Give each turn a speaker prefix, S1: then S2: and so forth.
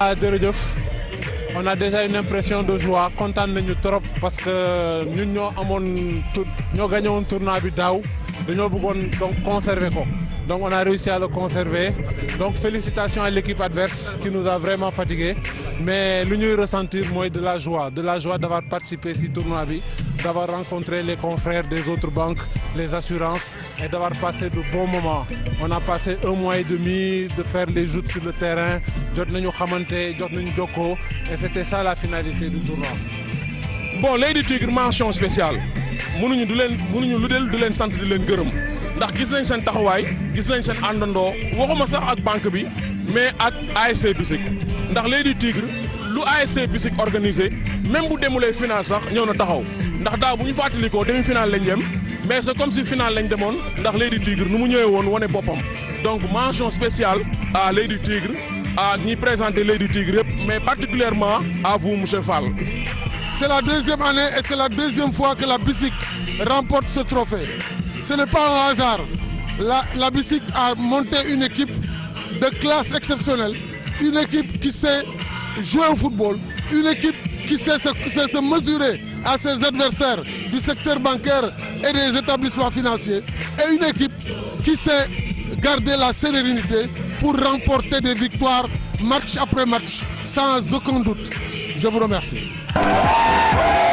S1: ah jërëjëf on a déjà une impression de joie kontaan nañu trop parce que ñun ñoo amoon tout ñoo gagné woon tournoi bi daaw dañoo buggoon donc conserver ko donc on a réussi à le conserver donc félicitations à l'équipe adverse qui nous a vraiment fatigués. mais lu ñuy ressentir mooy de la joie de la joie d'avoir participé ci tournoi bi d'avoir rencontré les confrères des autres banques les assurances et d'avoir passé de bons moments on a passé un mois et demi de faire les joutes sur le terrain jot nañu xamante jot nañu jokkoo et c'était ça la finalité du tournoi bon L'Oeil du Tigre mention spéciale
S2: mënuñu du leen mënuñu lu del du leen sant di leen gërëm ndax gis nañ seen taxawaay gis nañ seen àndandoo waxuma sax ak banque bi mais ak ASC ndax Lady Tigre lu ASC Bisik organisé même bu demulee final sax ñëw na taxaw ndax daaw bu ñu fàttalikoo demi final lañ dem mais c'est comme si final lañ demoon ndax Lady Tigre nu mu ñëwee woon wane boppam donc mention spéciale à Lady Tigre à ñi présenter Lady Tigre yëpp mais particulièrement à vous monsieur Fall. c'est la deuxième année et c'est la deuxième fois que
S3: la Bisik remporte ce trophée ce n'est pas un hasard la la Bisik a monté une équipe de classe exceptionnelle. une équipe qui sait jouer au football, une équipe qui sait se, sait mesurer à ses adversaires du secteur bancaire et des établissements financiers, et une équipe qui sait garder la sérénité pour remporter des victoires match après match, sans aucun doute. Je vous remercie.